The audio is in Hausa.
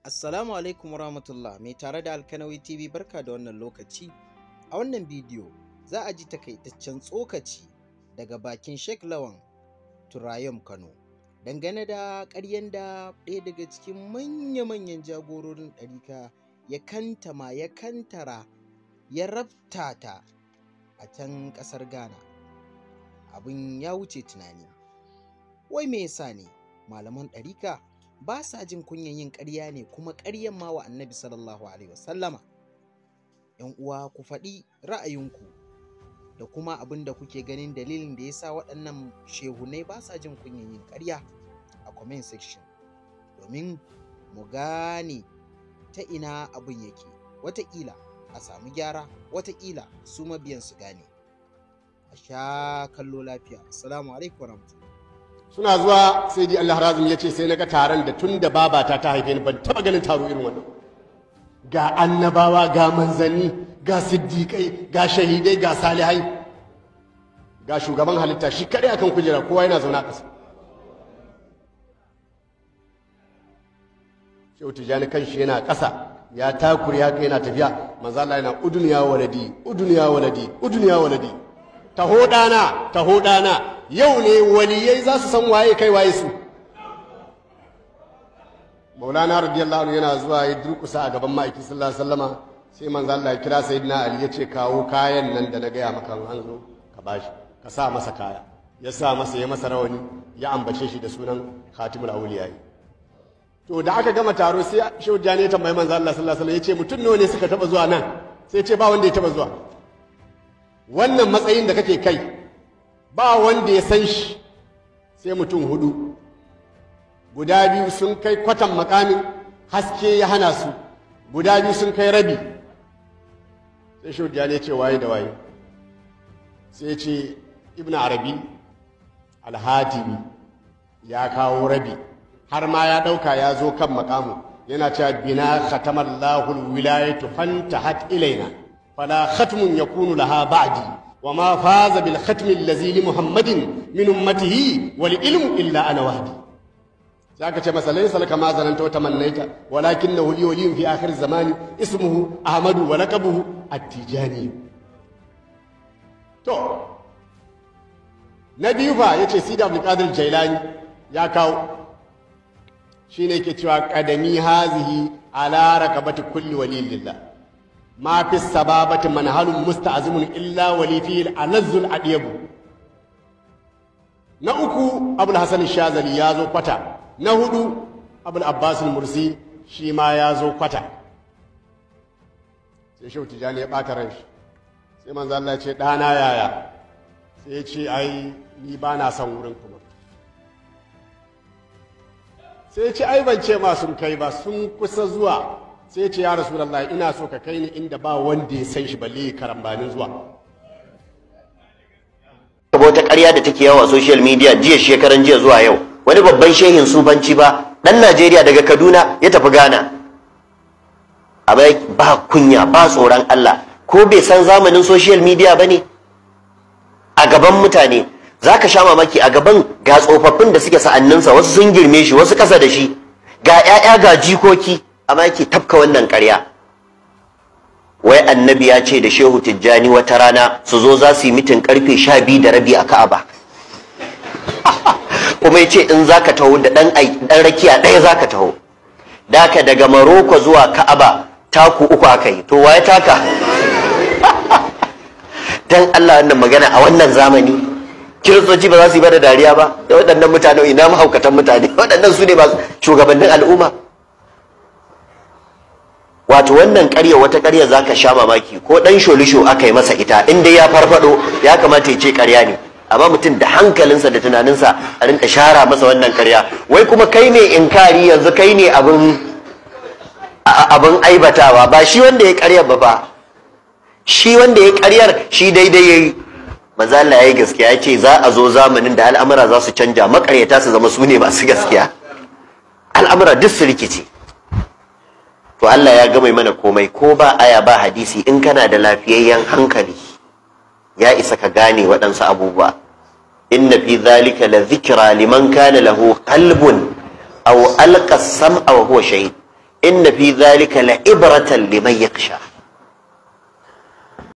Assalamu alaikum warahmatullah mai tare da Alkanawi TV barka da wannan lokaci. A wannan bidiyo za a ji takaitaccen tsokaci daga bakin Sheikh Lawan Turayom Kano dangane da ƙaryen da ɗaya daga cikin manya-manyan jagororin ɗarika ya kanta ma ya kantara ya rabtata a can ƙasar Ghana. Abin ya wuce tunani. Wai me yasa ne malaman ɗarika ba sa jin kunyan yin ƙarya ne kuma ƙaryan ma wa annabi sallallahu alaihi wasallama ‘yan uwa ku faɗi ra'ayinku da kuma abin da kuke ganin dalilin da ya sa waɗannan shehunai ba sa jin kunyan yin ƙarya a comment section domin mu gane ta ina abin yake wataƙila a samu gyara wataƙila su mabiyan su gane a sha kallo lafiya assalamu alaikum warahmatullahi suna zuwa sai di Allah razum ya ce sai na ga taron da tun da babata ta haife ni ban taba ganin taro irin wannan ga annabawa ga manzanni ga siddiƙai ga shahidai ga salihai ga shugaban halitta shi kaɗai akan kujera kowa yana zaune a ƙasa shehu kan kanshi yana ƙasa ya takuri haka yana tafiya manzo Allah yana udun ya waladi udun ya waladi udun ya waladi taho dana taho dana yau ne waliyai za su san waye kai waye su maulana radiyallahu anhu yana zuwa ya durkusa a gaban ma'aikin sallallahu alaihi wasallama sai manzo Allah ya kira sayyidina Ali ya ce kawo kayan nan da na gaya maka an zo ka bashi ka sa masa kaya ya sa masa ya masa rawani ya ambace shi da sunan khatimul awliyai to da aka gama taro sai Shehu Jani ya tambayi manzo Allah sallallahu alaihi wasallam ya ce mutum nawa ne suka taba zuwa nan sai ya ce ba wanda ya taba zuwa wannan matsayin da kake kai ba wanda ya san shi sai mutum hudu guda biyu sun kai kwatan makamin haske ya hana su guda biyu sun kai rabi sai shi ya ce waye da waye sai ce ibn arabi alhatimi ya kawo rabi har ma ya ɗauka ya zo kan makamu yana cewa bina khatamallahu fanta Hat ilaina fala khatmun yakunu laha ba'di وما فاز بالختم الذي لمحمد من أمته والعلم إلا أنا وحدي ذاك كما ليس لك ما ظننت وتمنيت ولكنه لي ولي في آخر الزمان اسمه أحمد ولقبه التجاني تو نبي فا يتي سيد عبد القادر الجيلاني يا كاو شيني كتوا قدمي هذه على ركبة كل ولي لله ma fi sababati manhalun musta'zimun illa wali fihi al na uku abul hasan shazali ya zo kwata na hudu abul abbas mursi shi ma ya zo kwata sai shehu tijani ya bata ran shi sai manzo ce dana yaya sai ya ce ai ni ba na son wurin kuma sai ya ai ban ce ma sun kai ba sun kusa zuwa sai ce ya rasulullahi ina so ka kai ni inda ba wanda ya san shi balle karambanin zuwa wata ƙarya da take yawa social media jiya shekaran jiya zuwa yau wani babban shehin sufanci ba dan Najeriya daga Kaduna ya tafi Ghana abai ba kunya ba tsoron Allah ko bai san zamanin social media ne? a gaban mutane za ka sha mamaki a gaban ga tsofaffin da suke sa'anninsa wasu sun girme shi wasu kasa da shi ga 'ya'ya ga jikoki amma yake tafka wannan ƙarya wai annabi ya ce da shehu tijjani wata rana su zo za su yi mitin karfe sha biyu da rabi a ka'aba kuma ya ce in za ka taho da ɗan rakiya ɗaya za ka taho daka daga maroko zuwa ka'aba taku uku aka yi to waye taka dan allah wannan magana a wannan zamani kiristoci ba za su yi ba da dariya ba da waɗannan mutane ina mahaukatan mutane waɗannan su ne ba shugabannin al'umma wato wannan ƙarya wata ƙarya za ka sha mamaki ko ɗan sholisho aka yi masa ita in dai ya farfaɗo ya kamata ya ce ƙarya ne amma mutum da hankalinsa da tunaninsa a rinka shara masa wannan ƙarya wai kuma kai ne inkari yanzu kai ne abin abin aibatawa ba shi wanda ya ƙaryar ba ba shi wanda ya ƙaryar shi daidai yayi manzo Allah yi gaskiya ya ce za a zo zamanin da al'amura za su canja makaryata su zama su ne masu gaskiya al'amura duk su rikice to Allah ya gama mana komai ko ba aya ba hadisi in kana da lafiyayyen hankali ya isa ka gane waɗansu abubuwa inna fi zalika la zikra liman kana lahu qalbun aw alqa sam'a wa huwa shahid inna fi zalika la ibratan liman yakhsha